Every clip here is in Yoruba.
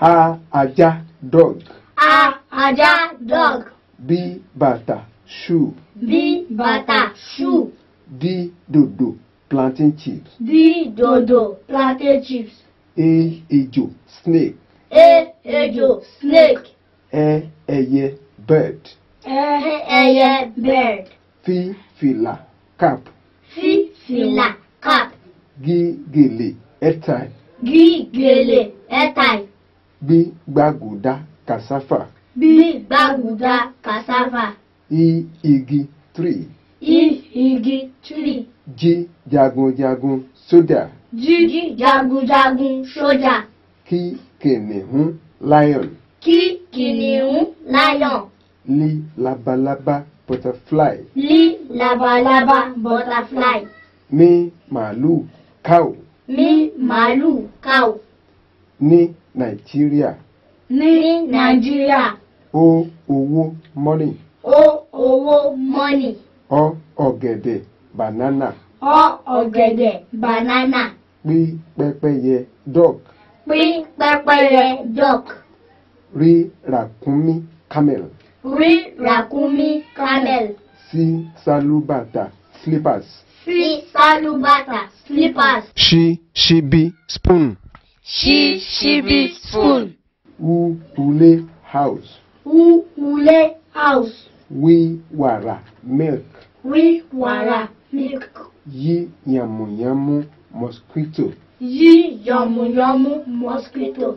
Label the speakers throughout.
Speaker 1: A aja dog.
Speaker 2: A aja dog.
Speaker 1: B bàtà shoe.
Speaker 2: B bàtà
Speaker 1: shoe. D dodo plantain chips.
Speaker 2: D dodo plantain chips.
Speaker 1: E ejo snake.
Speaker 2: E ejo snake.
Speaker 1: E eye bird.
Speaker 2: E eye bird.
Speaker 1: F fila cap.
Speaker 2: F fila cap.
Speaker 1: G gèlè headtie.
Speaker 2: G gèlè headtie.
Speaker 1: Gbé gbàgùdà cassava.
Speaker 2: Bí gbàgùdà cassava.
Speaker 1: I igi tree.
Speaker 2: I igi tree.
Speaker 1: J jagunjagun sójà.
Speaker 2: J jagunjagun sójà.
Speaker 1: Kí kìnìún lion.
Speaker 2: Kí kìnìún lion.
Speaker 1: Lí labalábá butterfly.
Speaker 2: Lí labalábá butterfly.
Speaker 1: Mí màálù cow.
Speaker 2: Mí màálù cow.
Speaker 1: Ní nàìjíríà.
Speaker 2: ní nàìjíríà.
Speaker 1: o owó money.
Speaker 2: o owó money.
Speaker 1: ọ ọ̀gẹ̀dẹ̀ banana.
Speaker 2: ọ ọ̀gẹ̀dẹ̀ banana.
Speaker 1: pí pẹ́pẹ́yẹ dog.
Speaker 2: pí pẹ́pẹ́yẹ duck.
Speaker 1: rí ràkúnmí camel.
Speaker 2: rí ràkúnmí camel.
Speaker 1: sí sálúbàtà slippers.
Speaker 2: sí sálúbàtà slippers.
Speaker 1: ṣí ṣíbí spoon. She, she ṣíbí, spoon. who ule, house.
Speaker 2: who ule, house.
Speaker 1: We wara milk.
Speaker 2: We wara milk.
Speaker 1: yamu yamu mosquito.
Speaker 2: yamu yamu mosquito.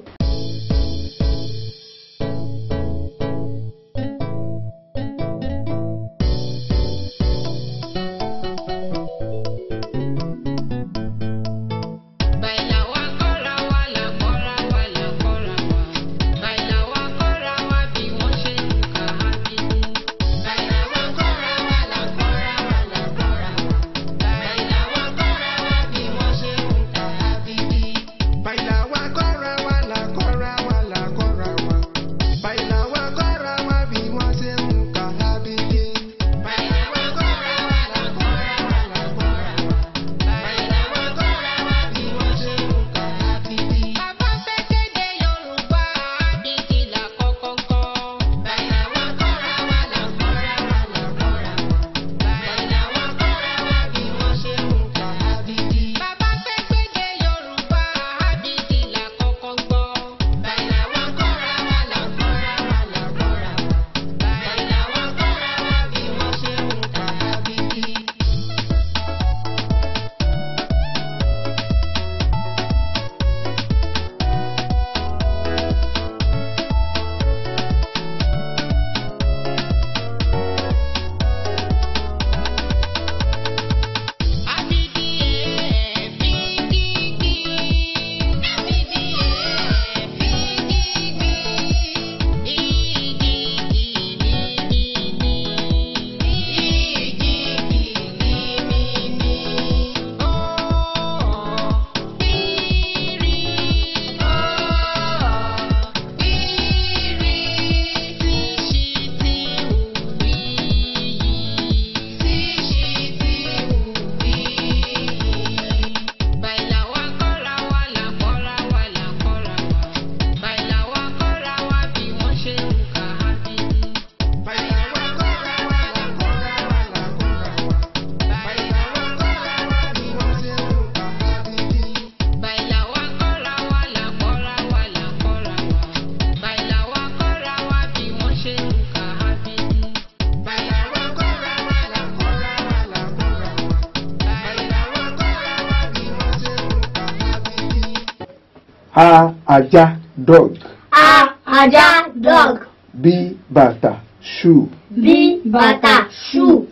Speaker 1: a aja dog.
Speaker 2: a aja dog.
Speaker 1: b bàtà shoe.
Speaker 2: b bàtà shoe.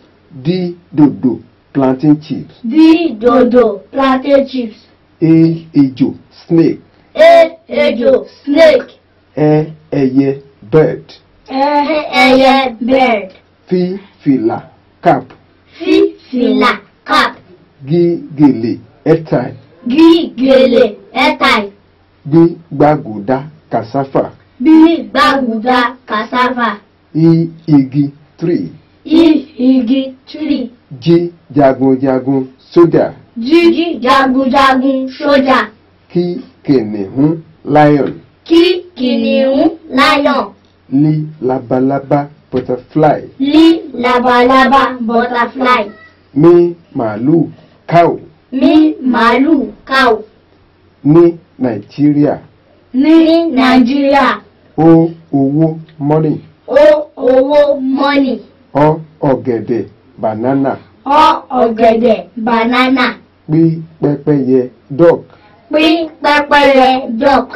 Speaker 1: d dodo planting chips.
Speaker 2: d dodo planting chips.
Speaker 1: e ejo snake.
Speaker 2: e ejo snake.
Speaker 1: E eye bird.
Speaker 2: E eye bird.
Speaker 1: F fila cap.
Speaker 2: F fila cap.
Speaker 1: G gèlè hairtie.
Speaker 2: G gèlè hairtie.
Speaker 1: Bí gbàgùdá cassava.
Speaker 2: Bí gbàgùdá cassava.
Speaker 1: I igi tree.
Speaker 2: I igi tree.
Speaker 1: J jagunjagun sójà.
Speaker 2: J jagunjagun sójà.
Speaker 1: K kìnìún lion.
Speaker 2: Kí kìnìún lion.
Speaker 1: Lí labalábá butterfly.
Speaker 2: Lí labalábá butterfly.
Speaker 1: Mí màálù cow.
Speaker 2: Mí màálù cow.
Speaker 1: Ní nàìjíríà.
Speaker 2: ní nàìjíríà.
Speaker 1: o owó mọ́nì.
Speaker 2: o owó mọ́nì.
Speaker 1: ọ ọ̀gẹ̀dẹ̀ banana.
Speaker 2: ọ ọ̀gẹ̀dẹ̀ banana.
Speaker 1: pí pẹ́pẹ́yẹ duck.
Speaker 2: pí pẹ́pẹ́yẹ duck.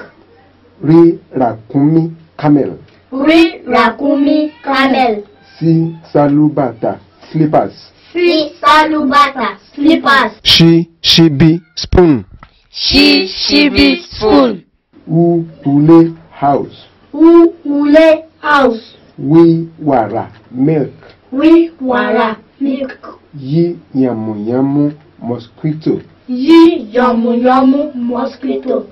Speaker 1: rí ràkúnmí camel.
Speaker 2: rí ràkúnmí camel.
Speaker 1: sí sálúbàtà slippers.
Speaker 2: sí sálúbàtà slippers.
Speaker 1: ṣí ṣíbí spoon. She, Shibi, spoon. U, Ule, house. U, Ule, house. We, Wara, milk.
Speaker 2: We, Wara, milk.
Speaker 1: Yi, Yamu, Yamu, mosquito.
Speaker 2: Yi, Yamu, Yamu, mosquito.